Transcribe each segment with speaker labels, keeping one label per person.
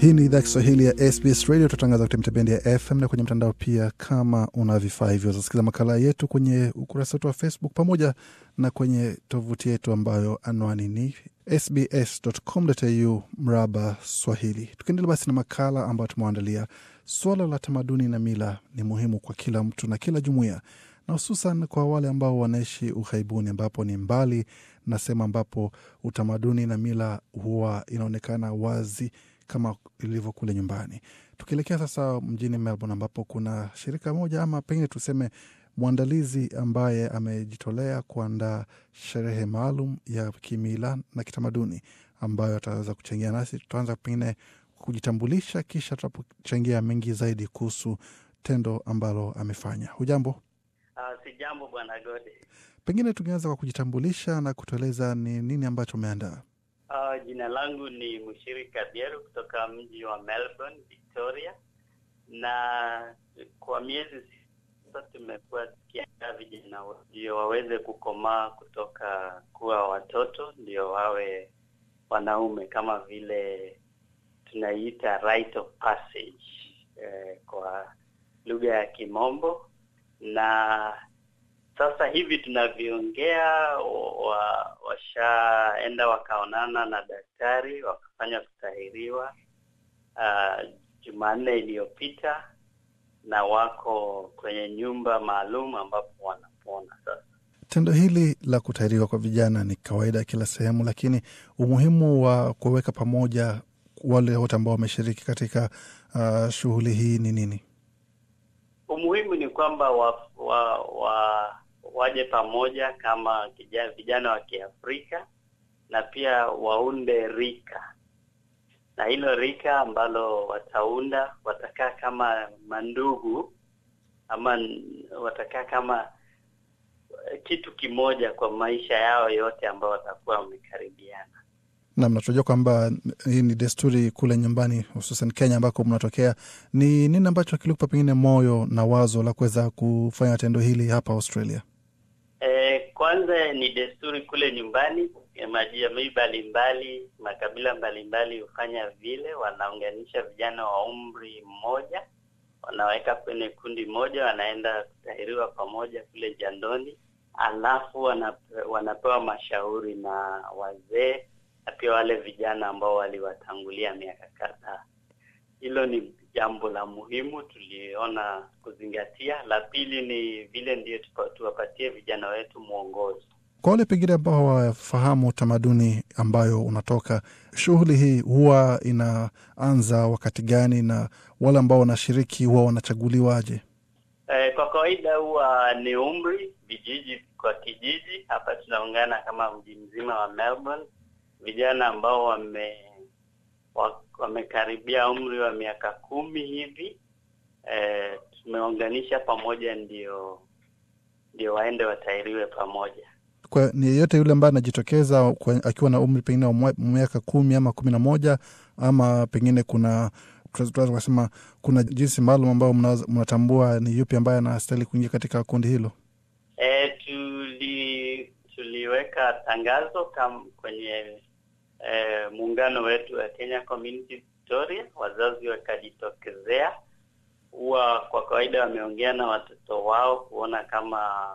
Speaker 1: Hii ni idhaa Kiswahili ya SBS Radio, tunatangaza kupitia bendi ya FM na kwenye mtandao pia. Kama una vifaa hivyo, zasikiliza makala yetu kwenye ukurasa wetu wa Facebook pamoja na kwenye tovuti yetu ambayo anwani ni sbs.com.au mraba Swahili. Tukiendelea basi na makala ambayo tumewaandalia, suala la tamaduni na mila ni muhimu kwa kila mtu na kila jumuiya, na hususan kwa wale ambao wanaishi ughaibuni, ambapo ni mbali na sehemu ambapo utamaduni na mila huwa inaonekana wazi kama ilivyo kule nyumbani. Tukielekea sasa mjini Melbourne, ambapo kuna shirika moja ama pengine tuseme mwandalizi ambaye amejitolea kuandaa sherehe maalum ya kimila na kitamaduni ambayo ataweza kuchangia nasi. Tutaanza pengine kujitambulisha, kisha tutapochangia mengi zaidi kuhusu tendo ambalo amefanya. Hujambo? Uh,
Speaker 2: ah, si jambo bwana Gode.
Speaker 1: Pengine tungeanza kwa kujitambulisha na kutueleza ni nini ambacho umeandaa.
Speaker 2: Uh, jina langu ni mshirika Bieru kutoka mji wa Melbourne, Victoria, na kwa miezi sasa tumekuwa tukiandaa vijana ndio waweze kukomaa kutoka kuwa watoto ndio wawe wanaume, kama vile tunaiita rite of passage eh, kwa lugha ya Kimombo na sasa hivi tunavyoongea, wa, washaenda wakaonana na daktari wakafanya kutahiriwa uh, Jumanne iliyopita na wako kwenye nyumba maalum ambapo wanapona sasa.
Speaker 1: Tendo hili la kutahiriwa kwa vijana ni kawaida kila sehemu, lakini umuhimu wa kuweka pamoja wale wote ambao wameshiriki katika uh, shughuli hii ni nini?
Speaker 2: Umuhimu ni kwamba wa, wa, wa waje pamoja kama vijana wa Kiafrika na pia waunde rika, na hilo rika ambalo wataunda watakaa kama mandugu ama watakaa kama eh, kitu kimoja kwa maisha yao yote ambao watakuwa wamekaribiana.
Speaker 1: Nam, natunajua kwamba hii ni desturi kule nyumbani, hususan Kenya ambako mnatokea. Ni nini ambacho kilikupa pengine moyo na wazo la kuweza kufanya tendo hili hapa Australia?
Speaker 2: Kwanza ni desturi kule nyumbani, majamii mbalimbali, makabila mbalimbali hufanya mbali vile, wanaunganisha vijana wa umri mmoja, wanaweka kwenye kundi moja, wanaenda kutahiriwa pamoja kule jandoni, alafu wanape, wanapewa mashauri na wazee na pia wale vijana ambao waliwatangulia miaka kadhaa. Hilo ni jambo la muhimu tuliona kuzingatia. La pili ni vile ndio tuwapatie vijana wetu mwongozo.
Speaker 1: Kwa wale pengine ambao hawafahamu tamaduni ambayo unatoka, shughuli hii huwa inaanza wakati gani, na wale ambao wanashiriki huwa wanachaguliwaje?
Speaker 2: Eh, kwa kawaida huwa ni umri, vijiji kwa kijiji. Hapa tunaungana kama mji mzima wa Melbourne, vijana ambao wame wamekaribia umri wa miaka kumi hivi e, tumeunganisha pamoja ndio ndio waende watairiwe pamoja
Speaker 1: kwa ni yeyote yule ambaye anajitokeza akiwa na umri pengine wa miaka kumi ama kumi na moja ama pengine kuna tunaweza kuna jinsi maalum ambayo mnatambua ni yupi ambaye anastahili kuingia katika kundi hilo
Speaker 2: e, tuli, tuliweka tangazo kam, kwenye eh, muungano wetu wa Kenya Community Victoria, wazazi wakajitokezea, huwa kwa kawaida wameongea na watoto wao kuona kama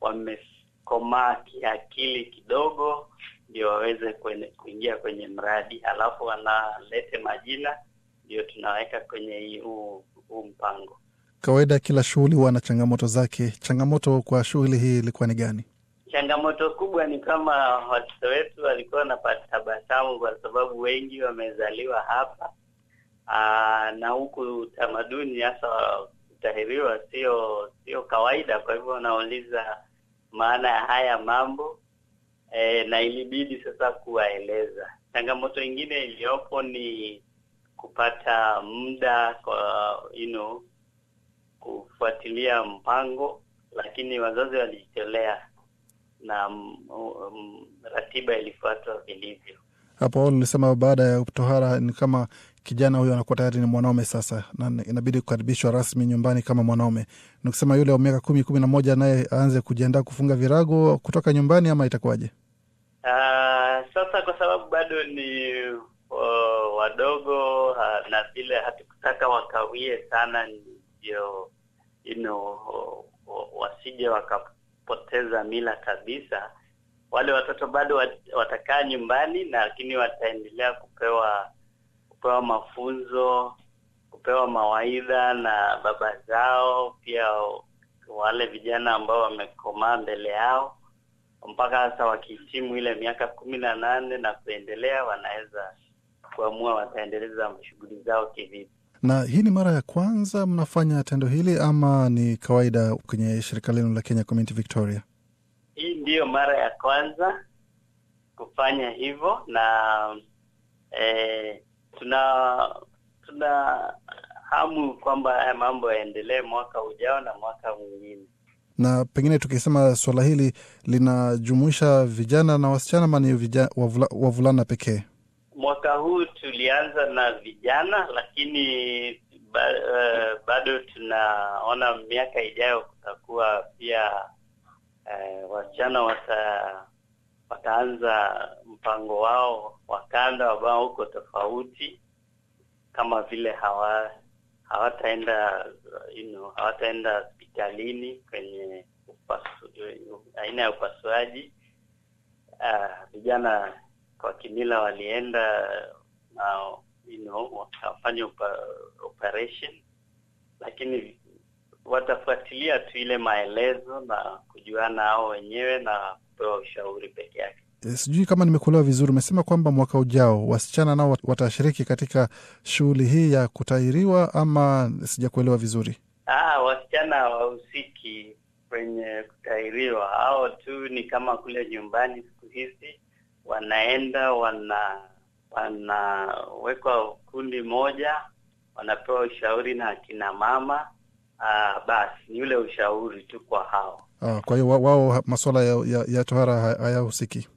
Speaker 2: wamekomaa kiakili kidogo, ndio waweze kuingia kwenye mradi, alafu wanalete majina ndio tunaweka kwenye huu mpango.
Speaker 1: Kawaida kila shughuli huwa na changamoto zake. Changamoto kwa shughuli hii ilikuwa ni gani?
Speaker 2: Changamoto kubwa ni kama watoto wetu walikuwa wanapata tabasamu kwa sababu wengi wamezaliwa hapa aa, ah, na huku utamaduni hasa kutahiriwa sio sio kawaida. Kwa hivyo wanauliza maana ya haya mambo e, na ilibidi sasa kuwaeleza. Changamoto ingine iliyopo ni kupata muda kwa you know, kufuatilia mpango, lakini wazazi walijitolea na um, um, ratiba ilifuatwa vilivyo.
Speaker 1: Hapo nilisema baada ya tohara ni kama kijana huyo anakuwa tayari ni mwanaume sasa, na inabidi kukaribishwa rasmi nyumbani kama mwanaume. Nikusema yule wa miaka kumi kumi na moja naye aanze kujiandaa kufunga virago kutoka nyumbani, ama itakuwaje?
Speaker 2: Uh, sasa kwa sababu bado ni uh, wadogo uh, na vile hatukutaka wakawie sana, ndio you know, uh, wasije wakapu kupoteza mila kabisa. Wale watoto bado watakaa nyumbani, lakini wataendelea kupewa kupewa mafunzo, kupewa mawaidha na baba zao, pia wale vijana ambao wamekomaa mbele yao mpaka sasa wakihitimu ile miaka kumi na nane na kuendelea, wanaweza kuamua wataendeleza shughuli zao kivipi.
Speaker 1: Na hii ni mara ya kwanza mnafanya tendo hili ama ni kawaida kwenye shirika lenu la Kenya Community Victoria?
Speaker 2: Hii ndiyo mara ya kwanza kufanya hivyo na eh, tuna tuna hamu kwamba mambo yaendelee mwaka ujao na mwaka mwingine.
Speaker 1: Na pengine tukisema suala hili linajumuisha vijana na wasichana, ama ni wavulana pekee?
Speaker 2: mwaka huu tulianza na vijana, lakini ba, uh, bado tunaona miaka ijayo kutakuwa pia uh, wasichana wata, wataanza mpango wao wa kanda ambao uko tofauti kama vile hawa hawataenda you know, hawataenda hospitalini kwenye upasu, aina ya upasuaji. Ah, vijana uh, kwa kimila walienda na you know, wakafanya operation, lakini watafuatilia tu ile maelezo na kujuana hao wenyewe na kupewa ushauri peke yake.
Speaker 1: Eh, sijui kama nimekuelewa vizuri, umesema kwamba mwaka ujao wasichana nao watashiriki katika shughuli hii ya kutahiriwa, ama sijakuelewa vizuri?
Speaker 2: Aa, ah, wasichana hawahusiki kwenye kutahiriwa, hao tu ni kama kule nyumbani siku hizi wanaenda wana wanawekwa kundi moja, wanapewa ushauri na akina mama. Uh, basi ni ule ushauri tu kwa hao.
Speaker 1: Ah, kwa hiyo wao masuala ya, ya, ya tohara hayahusiki?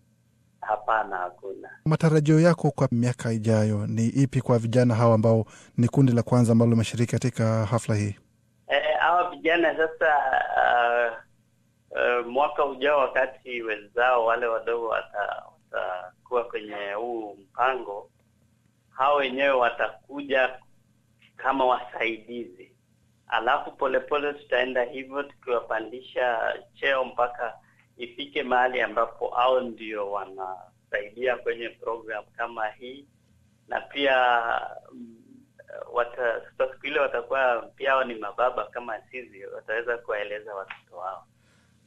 Speaker 2: Hapana, hakuna.
Speaker 1: Matarajio yako kwa miaka ijayo ni ipi kwa vijana hawa ambao ni kundi la kwanza ambalo limeshiriki katika hafla hii?
Speaker 2: Eh, eh, hawa e, vijana sasa uh, uh, mwaka ujao wakati wenzao wale wadogo wata sasa kuwa kwenye huu mpango, hao wenyewe watakuja kama wasaidizi, alafu polepole tutaenda hivyo tukiwapandisha cheo mpaka ifike mahali ambapo hao ndio wanasaidia kwenye program kama hii, na pia mm, wata siku ile watakuwa pia hao ni mababa kama sisi, wataweza kuwaeleza watoto wao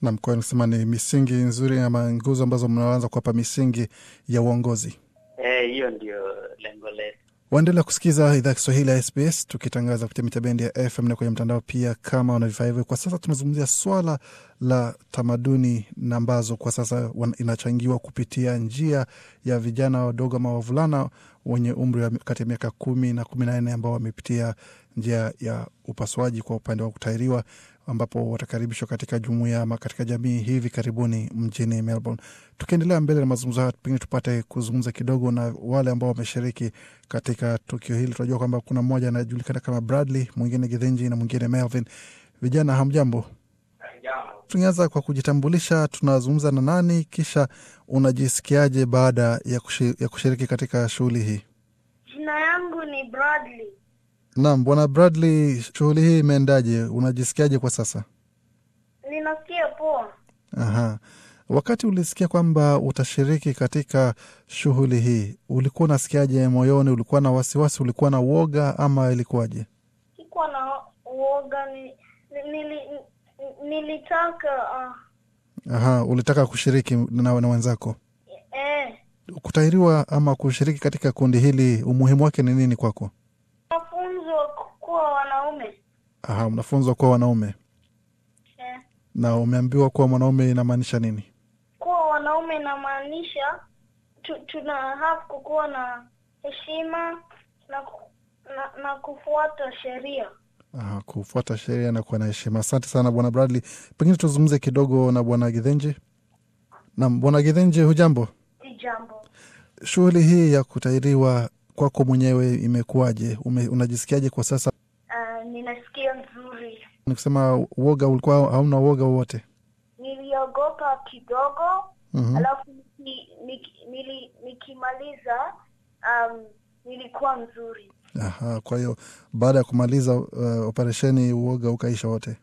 Speaker 1: na mkoa nisema ni misingi nzuri ama nguzo ambazo mnaanza kuwapa misingi ya uongozi
Speaker 2: eh, hiyo. E, ndio lengo letu.
Speaker 1: Waendelea kusikiza idhaa ya Kiswahili ya SBS tukitangaza kupitia mita bendi ya FM na kwenye mtandao pia, kama wanavifaa hivyo. Kwa sasa tunazungumzia swala la tamaduni na ambazo kwa sasa inachangiwa kupitia njia ya vijana wadogo ama wavulana wenye umri wa kati ya miaka kumi na kumi na nne ambao wamepitia njia ya upasuaji kwa upande wa kutairiwa ambapo watakaribishwa katika jumuia ama katika jamii hivi karibuni mjini Melbourne. Tukiendelea mbele na mazungumzo haya, pengine tupate kuzungumza kidogo na wale ambao wameshiriki katika tukio hili. Tunajua kwamba kuna mmoja anajulikana kama Bradley, mwingine Githinji na mwingine Melvin. Vijana, hamjambo? Tungeanza kwa kujitambulisha, tunazungumza na nani, kisha unajisikiaje baada ya kushiriki katika shughuli hii?
Speaker 3: Jina yangu ni Bradley.
Speaker 1: Naam, Bwana Bradley, shughuli hii imeendaje? Unajisikiaje kwa sasa?
Speaker 3: Ninasikia poa.
Speaker 1: Aha. Wakati ulisikia kwamba utashiriki katika shughuli hii, ulikuwa unasikiaje moyoni? Ulikuwa na wasiwasi? Ulikuwa na uoga ama ilikuwaje?
Speaker 3: Sikuwa na uoga, ni- ni, ni, ni
Speaker 1: uh... ulitaka kushiriki na, na wenzako e. kutahiriwa ama kushiriki katika kundi hili, umuhimu wake ni nini kwako? Aha, mnafunzwa kuwa wanaume yeah. Na umeambiwa kuwa mwanaume inamaanisha nini?
Speaker 3: Kuwa wanaume inamaanisha tu, tuna have kukuwa na heshima na, na, na kufuata sheria
Speaker 1: Aha, kufuata sheria na kuwa na heshima. Asante sana Bwana Bradley, pengine tuzungumze kidogo na Bwana Githenje. Naam, Bwana Githenje, hujambo?
Speaker 3: Hujambo.
Speaker 1: Shughuli hii ya kutahiriwa kwako mwenyewe imekuwaje? unajisikiaje kwa sasa? nikusema uoga ulikuwa hauna uoga wowote?
Speaker 3: Niliogopa kidogo mm-hmm. Alafu nikimaliza um, nilikuwa mzuri.
Speaker 1: Aha, kwa hiyo baada ya kumaliza uh, operesheni uoga ukaisha wote?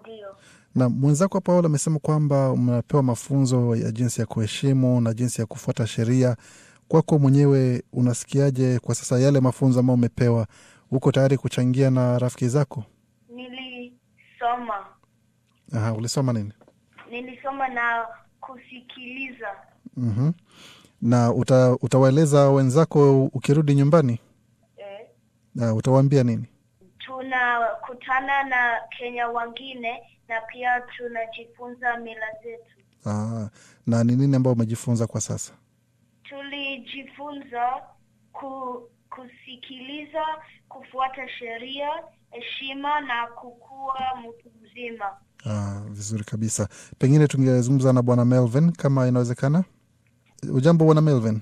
Speaker 1: Ndio. Na mwenzako Paul amesema kwamba mnapewa mafunzo ya jinsi ya kuheshimu na jinsi ya kufuata sheria. Kwako mwenyewe unasikiaje kwa sasa yale mafunzo ambayo umepewa? Uko tayari kuchangia na rafiki zako? nilisoma. Aha, ulisoma nini?
Speaker 3: Nilisoma na kusikiliza.
Speaker 1: mm -hmm. Na uta, utawaeleza wenzako ukirudi nyumbani eh? Na utawaambia nini?
Speaker 3: Tunakutana na Kenya wengine na pia tunajifunza mila zetu.
Speaker 1: Aha. Na ni nini ambayo umejifunza kwa sasa?
Speaker 3: Tulijifunza ku kusikiliza, kufuata sheria, heshima na kukua mtu mzima.
Speaker 1: Ah, vizuri kabisa. Pengine tungezungumza na Bwana Melvin kama inawezekana. Ujambo Bwana Melvin.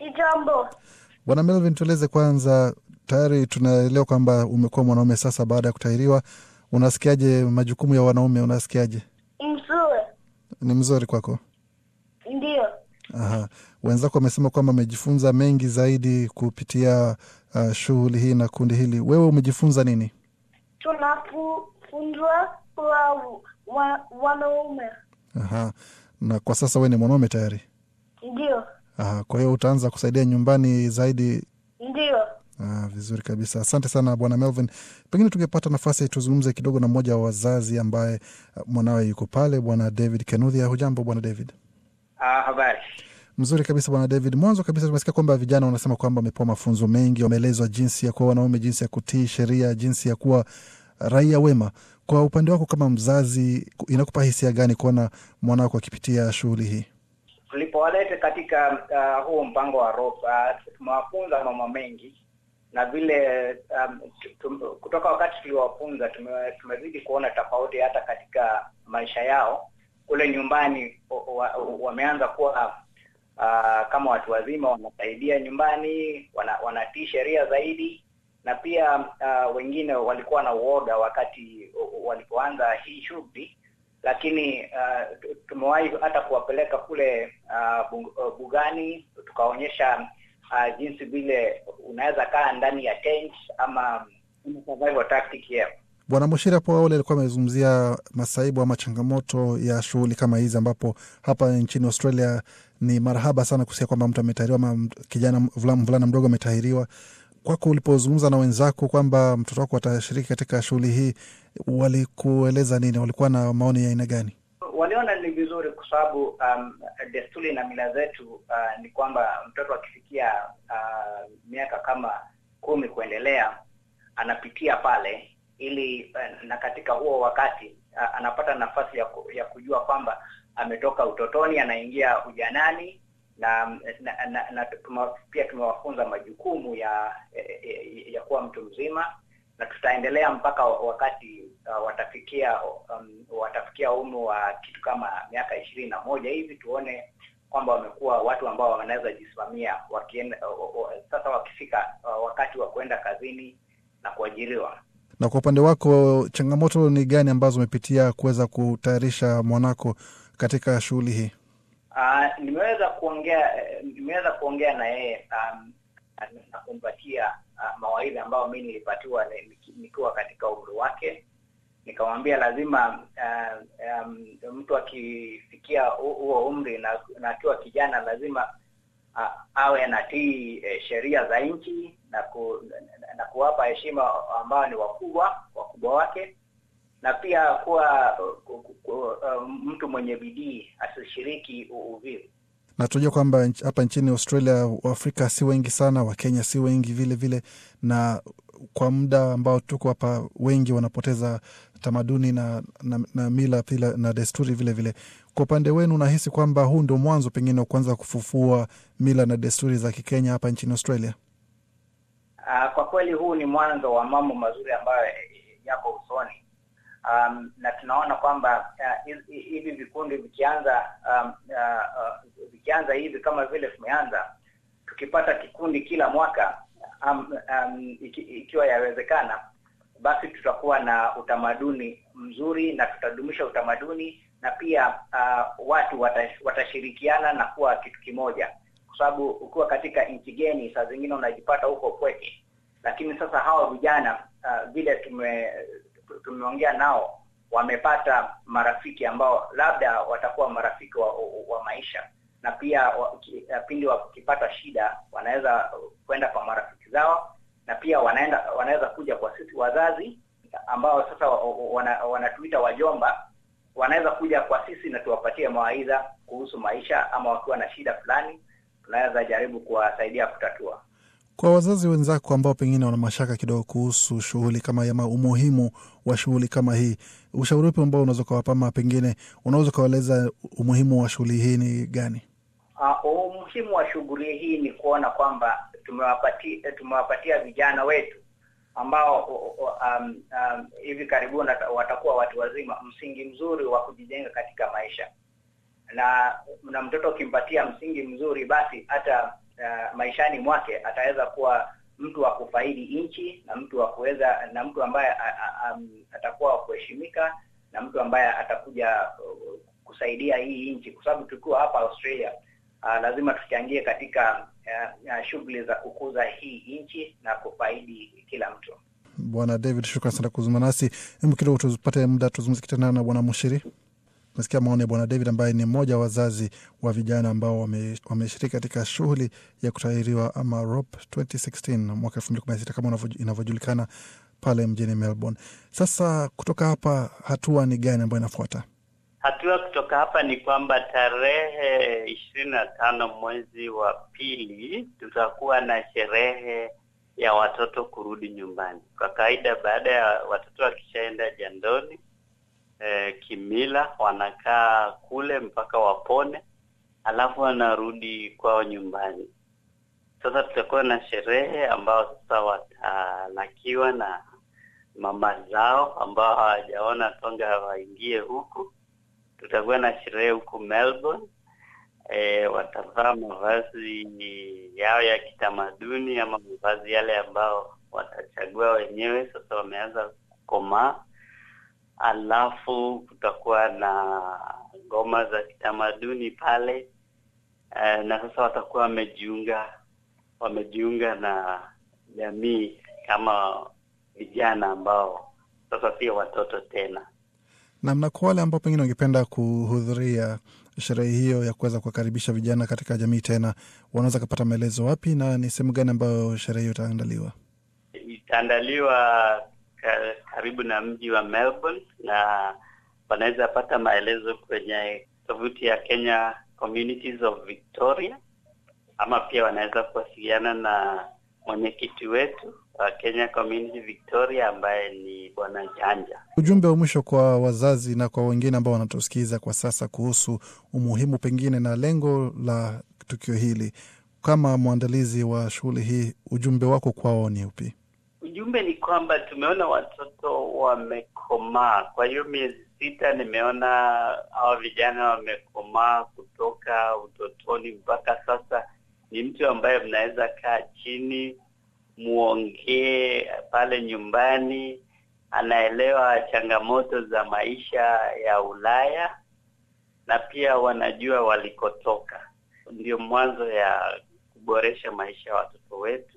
Speaker 3: Ijambo
Speaker 1: Bwana Melvin, tueleze kwanza, tayari tunaelewa kwamba umekuwa mwanaume sasa baada ya kutahiriwa. Unasikiaje majukumu ya wanaume, unasikiaje?
Speaker 3: Mzuri.
Speaker 1: Ni mzuri kwako? Aha. Wenzako wamesema kwamba amejifunza mengi zaidi kupitia uh, shughuli hii na kundi hili. Wewe umejifunza nini?
Speaker 3: Tunafunzwa wa, wanaume.
Speaker 1: Aha. Na kwa sasa wewe ni mwanaume tayari? Ndio. Aha. Kwa hiyo utaanza kusaidia nyumbani zaidi? Ndio. Ah, vizuri kabisa. Asante sana Bwana Melvin. Pengine tungepata nafasi tuzungumze kidogo na mmoja wa wazazi ambaye uh, mwanawe yuko pale, Bwana David Kenuthia. Hujambo Bwana David? Ah, habari mzuri kabisa bwana David. Mwanzo kabisa tumesikia kwamba vijana wanasema kwamba wamepewa mafunzo mengi, wameelezwa jinsi ya kuwa wanaume, jinsi ya kutii sheria, jinsi ya kuwa raia wema. Kwa upande wako kama mzazi, inakupa hisia gani kuona mwanawako akipitia shughuli hii?
Speaker 3: tulipowalete katika uh, ah, huu mpango wa ropa ah, tumewafunza mama mengi na vile um, kutoka wakati tuliwafunza tumezidi kuona tofauti hata katika maisha yao kule nyumbani wameanza kuwa uh, kama watu wazima wanasaidia nyumbani, wana, wanatii sheria zaidi na pia uh, wengine walikuwa na uoga wakati walipoanza hii shughuli, lakini uh, tumewahi hata kuwapeleka kule uh, bugani tukaonyesha uh, jinsi vile unaweza kaa ndani ya tent ama mm, survival tactic
Speaker 1: Bwana Mushiri hapo awali alikuwa amezungumzia masaibu ama changamoto ya shughuli kama hizi, ambapo hapa nchini Australia ni marahaba sana kusikia kwamba mtu ametahiriwa ama kijana mvulana, mvulana mdogo ametahiriwa. Kwako ulipozungumza na wenzako kwamba mtoto wako atashiriki katika shughuli hii, walikueleza nini? Walikuwa na maoni ya aina gani?
Speaker 3: Waliona ni vizuri kwa sababu um, desturi na mila zetu uh, ni kwamba mtoto akifikia uh, miaka kama kumi kuendelea anapitia pale ili eh, na katika huo wakati eh, anapata nafasi ya, ku, ya kujua kwamba ametoka utotoni anaingia ujanani na, na, na, na tuma, pia tumewafunza majukumu ya, ya eh, ya kuwa mtu mzima na tutaendelea mpaka wakati uh, watafikia um, watafikia umri wa kitu kama miaka ishirini na moja hivi tuone kwamba wamekuwa watu ambao wanaweza jisimamia wakienda, uh, uh, sasa wakifika uh, wakati wa kuenda kazini na kuajiriwa
Speaker 1: na kwa upande wako, changamoto ni gani ambazo umepitia kuweza kutayarisha mwanako katika shughuli hii?
Speaker 3: Uh, nimeweza kuongea nimeweza kuongea na yeye um, na kumpatia uh, ah, mawaidha ambayo mi nilipatiwa nikiwa katika umri wake. Nikamwambia lazima uh, um, mtu akifikia huo umri na akiwa kijana lazima awe anatii e, sheria za nchi na, ku, na, na kuwapa heshima ambao ni wakubwa wakubwa wake na pia kuwa ku, ku, ku, e, mtu mwenye bidii asishiriki uvivu
Speaker 1: na tunajua kwamba hapa nchini Australia Waafrika si wengi sana, Wakenya si wengi vile vile, na kwa muda ambao tuko hapa wengi wanapoteza tamaduni na, na, na mila pila na desturi vile vile. Kwa upande wenu, unahisi kwamba huu ndio mwanzo pengine wa kuanza kufufua mila na desturi za Kikenya hapa nchini Australia?
Speaker 3: Uh, kwa kweli huu ni mwanzo wa mambo mazuri ambayo eh, yako usoni. Um, na tunaona kwamba eh, hivi uh, vikundi vikianza um, uh, uh, vikianza hivi kama vile tumeanza tukipata kikundi kila mwaka um, um, iki, ikiwa yawezekana, basi tutakuwa na utamaduni mzuri na tutadumisha utamaduni na pia uh, watu watashirikiana na kuwa kitu kimoja, kwa sababu ukiwa katika nchi geni saa zingine unajipata huko pweke. Lakini sasa hawa vijana uh, vile tume tumeongea nao wamepata marafiki ambao labda watakuwa marafiki wa, wa, maisha na pia wa, uh, pindi wakipata shida wanaweza kwenda kwa marafiki zao, na pia wanaenda wanaweza kuja kwa sisi wazazi ambao sasa wanatuita wana wajomba wanaweza kuja kwa sisi na tuwapatie mawaidha kuhusu maisha, ama wakiwa na shida fulani tunaweza jaribu kuwasaidia kutatua.
Speaker 1: Kwa wazazi wenzako ambao pengine wana mashaka kidogo kuhusu shughuli kama ama umuhimu wa shughuli kama hii, ushauri upi ambao unaweza ukawapama? pengine unaweza ukawaeleza umuhimu wa shughuli hii ni gani?
Speaker 3: Uh, umuhimu wa shughuli hii ni kuona kwamba tumewapatia tumewapatia vijana wetu ambao um, um, hivi karibuni watakuwa watu wazima, msingi mzuri wa kujijenga katika maisha. Na na mtoto ukimpatia msingi mzuri, basi hata uh, maishani mwake ataweza kuwa mtu wa kufaidi nchi na mtu wa kuweza na mtu ambaye um, atakuwa wa kuheshimika na mtu ambaye atakuja uh, kusaidia hii nchi, kwa sababu tukiwa hapa Australia, uh, lazima tuchangie katika ya shughuli za kukuza hii nchi na kufaidi kila mtu.
Speaker 1: Bwana David, shukran sana kuzungumza nasi. Hebu kidogo tupate muda tuzungumzike tena na Bwana Mushiri. Umesikia maoni ya Bwana David ambaye ni mmoja wa wazazi wa vijana ambao wameshiriki wame katika shughuli ya kutahiriwa ama ROP 2016 mwaka sita kama inavyojulikana pale mjini Melbourne. Sasa kutoka hapa, hatua ni gani ambayo inafuata?
Speaker 2: Hatua kutoka hapa ni kwamba tarehe ishirini na tano mwezi wa pili tutakuwa na sherehe ya watoto kurudi nyumbani. Kwa kawaida baada ya watoto wakishaenda jandoni e, kimila wanakaa kule mpaka wapone, alafu wanarudi kwao nyumbani. Sasa tutakuwa na sherehe ambao sasa watalakiwa na mama zao ambao hawajaona Tonga waingie huku tutakuwa na sherehe huko Melbourne. E, eh, watavaa mavazi yao ya kitamaduni ama mavazi yale ambao watachagua wenyewe. Sasa wameanza kukomaa, alafu kutakuwa na ngoma za kitamaduni pale e, na sasa watakuwa wamejiunga wamejiunga na jamii kama vijana ambao sasa pia watoto tena.
Speaker 1: Namna kwa wale ambao pengine wangependa kuhudhuria sherehe hiyo ya kuweza kuwakaribisha vijana katika jamii tena, wanaweza kupata maelezo wapi na ni sehemu gani ambayo sherehe hiyo itaandaliwa?
Speaker 2: Itaandaliwa karibu na mji wa Melbourne, na wanaweza pata maelezo kwenye tovuti ya Kenya Communities of Victoria, ama pia wanaweza kuwasiliana na mwenyekiti wetu wa uh, Kenya Community Victoria ambaye ni Bwana Janja.
Speaker 1: Ujumbe wa mwisho kwa wazazi na kwa wengine ambao wanatusikiza kwa sasa kuhusu umuhimu pengine na lengo la tukio hili, kama mwandalizi wa shughuli hii, ujumbe wako kwao ni upi?
Speaker 2: Ujumbe ni kwamba tumeona watoto wamekomaa. Kwa hiyo miezi sita nimeona hawa vijana wamekomaa kutoka utotoni mpaka sasa. Ni mtu ambaye mnaweza kaa chini muongee pale nyumbani, anaelewa changamoto za maisha ya Ulaya na pia wanajua walikotoka. Ndio mwanzo ya kuboresha maisha ya watoto wetu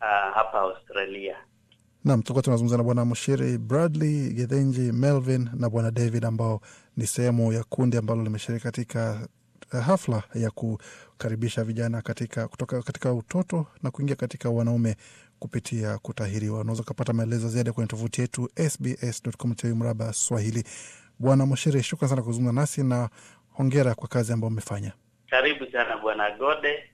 Speaker 2: uh, hapa Australia.
Speaker 1: nam tulikuwa tunazungumza na Bwana Mshiri Bradley Gedhenji Melvin na Bwana David ambao ni sehemu ya kundi ambalo limeshiriki katika hafla ya kukaribisha vijana katika, kutoka katika utoto na kuingia katika wanaume kupitia kutahiriwa. Unaweza ukapata maelezo ziada kwenye tovuti yetu sbs.com.au mraba Swahili. Bwana Moshere, shukran sana kuzungumza nasi na hongera kwa kazi ambayo umefanya.
Speaker 2: Karibu sana Bwana Gode